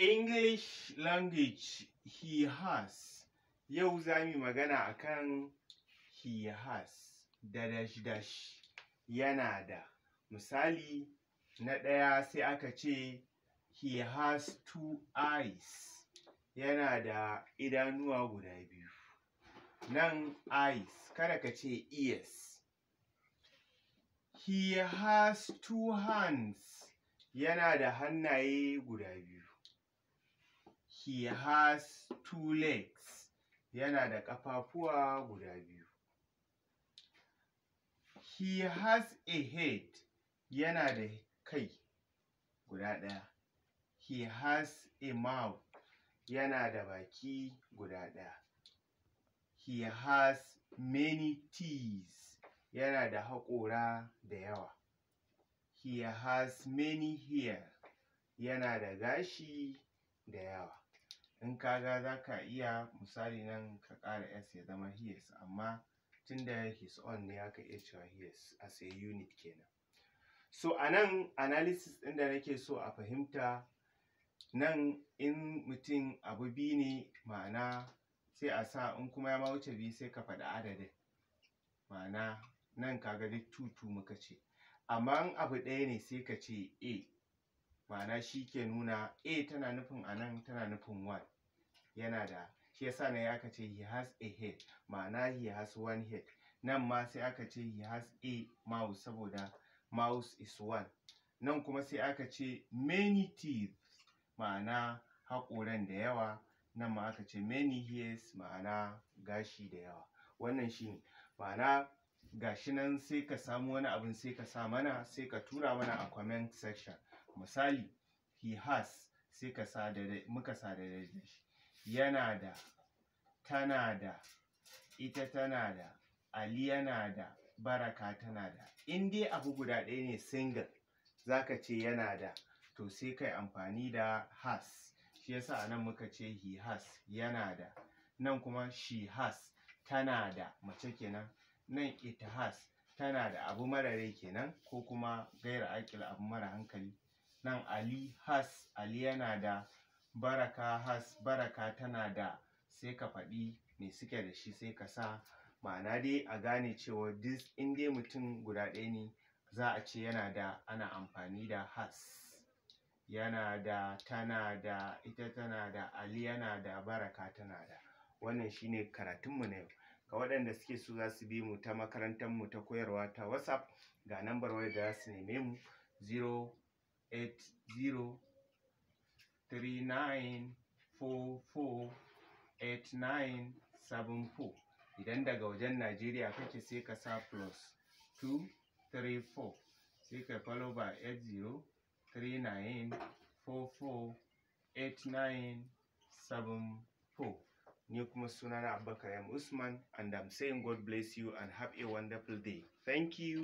English language he has. Yau za mu magana akan he has da dash dash yana da. Misali na ɗaya sai aka ce he has two eyes. Yana da idanuwa guda biyu. Nan eyes kada ka ce ears. He has two hands. Yana da hannaye guda biyu. He has two legs. Yana da ƙafafuwa guda biyu. He has a head. Yana da kai guda ɗaya. He has a mouth. Yana da baki guda ɗaya. He has many teeth. Yana da haƙora da yawa. He has many hair. Yana da gashi da yawa. in ka ga za ka iya misali nan ka ƙara s ya zama his amma tunda his on ne aka iya cewa his a sai unit kenan so a nan analysis ɗin da nake so a fahimta nan in mutum abu bi ne ma'ana sai a sa in kuma ya ma wuce bi sai ka faɗi adadin ma'ana nan kaga duk tutu muka ce amma in abu ɗaya ne sai ka ce a ma'ana shi ke nuna a tana nufin anan tana nufin one yana da shi yasa ne aka ce he has a head ma'ana he has one head nan ma sai aka ce he has a mouse saboda mouse is one nan kuma sai aka ce many teeth ma'ana haƙoran da yawa nan ma aka ce many hairs ma'ana gashi da yawa wannan shi ne ma'ana gashi nan sai ka samu wani abin sai ka sa mana sai ka tura mana a comment section misali he has sai ka sadare muka sa da shi yana da tana da ita tana da ali yana da baraka tana da in dai abu guda ɗaya ne single zaka ce yana da to sai kai amfani da has shi yasa anan muka ce he has yana da nan kuma she has tana da mace kenan nan it has tana da abu mara rai kenan ko kuma gaira aƙil abu mara hankali nan ali has ali yana da baraka has baraka tana da sai ka faɗi me suke da shi sai ka sa ma'ana dai a gane cewa duk in dai mutum guda ɗaya ne za a ce yana da ana amfani da has yana da tana da ita tana da ali yana da baraka tana da wannan shine karatunmu na yau ga waɗanda suke so za su bi mu ta makarantar mu ta koyarwa ta whatsapp ga nambar wayar da za su neme mu 0 eight zero three nine four four eight nine seven idan daga wajen Najeriya kake sai ka sa plus two three four sai ka follow by eight zero three nine four four eight nine seven four ni kuma sunana Abubakar M Usman and I'm saying God bless you and have a wonderful day thank you